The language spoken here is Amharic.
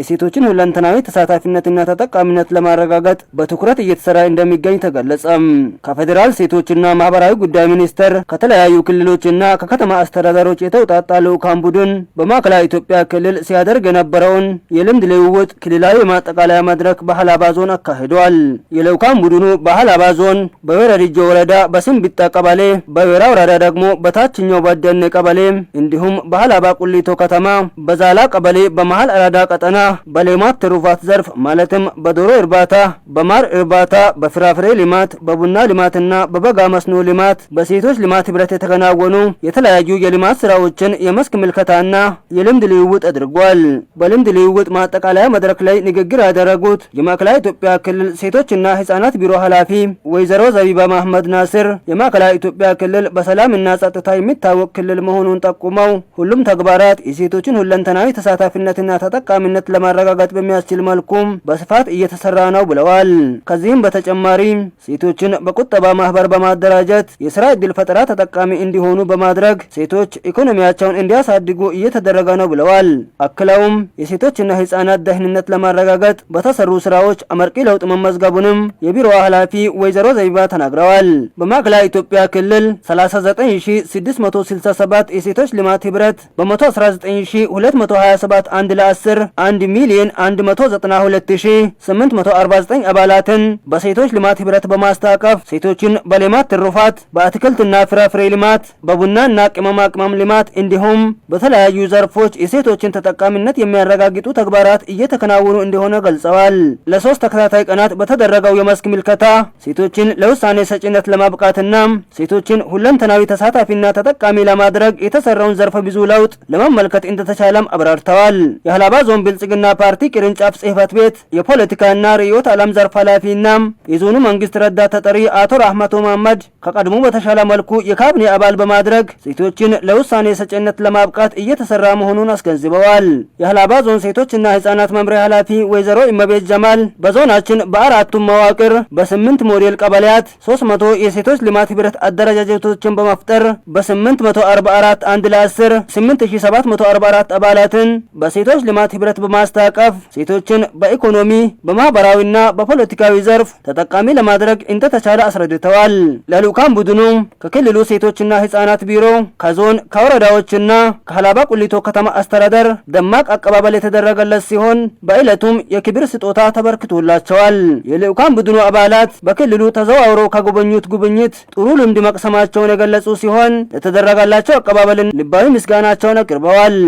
የሴቶችን ሁለንተናዊ ተሳታፊነትና ተጠቃሚነት ለማረጋገጥ በትኩረት እየተሰራ እንደሚገኝ ተገለጸም። ከፌዴራል ሴቶችና ማህበራዊ ጉዳይ ሚኒስቴር ከተለያዩ ክልሎችና ከከተማ አስተዳደሮች የተውጣጣ ልዑካን ቡድን በማዕከላዊ ኢትዮጵያ ክልል ሲያደርግ የነበረውን የልምድ ልውውጥ ክልላዊ የማጠቃለያ መድረክ በሀላባ ዞን አካሂዷል። የልዑካን ቡድኑ በሀላባ ዞን በወረድጆ ወረዳ በስንቢጣ ቀበሌ፣ በዌራ ወረዳ ደግሞ በታችኛው በደኔ ቀበሌ እንዲሁም በሀላባ ቁሊቶ ከተማ በዛላ ቀበሌ በመሀል አራዳ ቀጠና በሌማት ትሩፋት ዘርፍ ማለትም በዶሮ እርባታ፣ በማር እርባታ፣ በፍራፍሬ ልማት፣ በቡና ልማትና በበጋ መስኖ ልማት በሴቶች ልማት ህብረት የተከናወኑ የተለያዩ የልማት ስራዎችን የመስክ ምልከታና የልምድ ልውውጥ አድርጓል። በልምድ ልውውጥ ማጠቃለያ መድረክ ላይ ንግግር ያደረጉት የማዕከላዊ ኢትዮጵያ ክልል ሴቶችና ህጻናት ቢሮ ኃላፊ ወይዘሮ ዘቢባ ማህመድ ናስር የማዕከላዊ ኢትዮጵያ ክልል በሰላምና ጸጥታ የሚታወቅ ክልል መሆኑን ጠቁመው ሁሉም ተግባራት የሴቶችን ሁለንተናዊ ተሳታፊነትና ተጠቃሚነት ለማረጋገጥ በሚያስችል መልኩ በስፋት እየተሰራ ነው ብለዋል። ከዚህም በተጨማሪ ሴቶችን በቁጠባ ማህበር በማደራጀት የስራ እድል ፈጠራ ተጠቃሚ እንዲሆኑ በማድረግ ሴቶች ኢኮኖሚያቸውን እንዲያሳድጉ እየተደረገ ነው ብለዋል። አክለውም የሴቶችና ህጻናት ደህንነት ለማረጋገጥ በተሰሩ ስራዎች አመርቂ ለውጥ መመዝገቡንም የቢሮዋ ኃላፊ ወይዘሮ ዘይባ ተናግረዋል። በማዕከላዊ ኢትዮጵያ ክልል 39667 የሴቶች ልማት ህብረት በ119227 አንድ ለ10 1 ሚሊዮን 192849 አባላትን በሴቶች ልማት ህብረት በማስታቀፍ ሴቶችን በሌማት ትሩፋት፣ በአትክልትና ፍራፍሬ ልማት፣ በቡናና ቅመማ ቅመም ልማት እንዲሁም በተለያዩ ዘርፎች የሴቶችን ተጠቃሚነት የሚያረጋግጡ ተግባራት እየተከናወኑ እንደሆነ ገልጸዋል። ለሶስት ተከታታይ ቀናት በተደረገው የመስክ ምልከታ ሴቶችን ለውሳኔ ሰጪነት ለማብቃትና ሴቶችን ሁለንተናዊ ተሳታፊና ተጠቃሚ ለማድረግ የተሰራውን ዘርፈ ብዙ ለውጥ ለመመልከት እንደተቻለም አብራርተዋል። የሀላባ ዞን ብልጽ ብልጽግና ፓርቲ ቅርንጫፍ ጽህፈት ቤት የፖለቲካና ርዕዮተ ዓለም ዘርፍ ኃላፊና የዞኑ መንግስት ረዳት ተጠሪ አቶ ራህመቶ መሐመድ ከቀድሞ በተሻለ መልኩ የካቢኔ አባል በማድረግ ሴቶችን ለውሳኔ ሰጭነት ለማብቃት እየተሰራ መሆኑን አስገንዝበዋል። የሀላባ ዞን ሴቶችና ህጻናት መምሪያ ኃላፊ ወይዘሮ ኢመቤት ጀማል በዞናችን በአራቱም መዋቅር በስምንት ሞዴል ቀበሌያት 300 የሴቶች ልማት ህብረት አደረጃጀቶችን በመፍጠር በ844 አንድ ለ10 8744 አባላትን በሴቶች ልማት ህብረት በማ በማስታቀፍ ሴቶችን በኢኮኖሚ በማህበራዊና በፖለቲካዊ ዘርፍ ተጠቃሚ ለማድረግ እንደተቻለ አስረድተዋል። ለልዑካን ቡድኑ ከክልሉ ሴቶችና ህጻናት ቢሮ፣ ከዞን ከወረዳዎችና ከሀላባ ቁሊቶ ከተማ አስተዳደር ደማቅ አቀባበል የተደረገለት ሲሆን በዕለቱም የክብር ስጦታ ተበርክቶላቸዋል። የልዑካን ቡድኑ አባላት በክልሉ ተዘዋውረው ከጎበኙት ጉብኝት ጥሩ ልምድ መቅሰማቸውን የገለጹ ሲሆን ለተደረገላቸው አቀባበልን ልባዊ ምስጋናቸውን አቅርበዋል።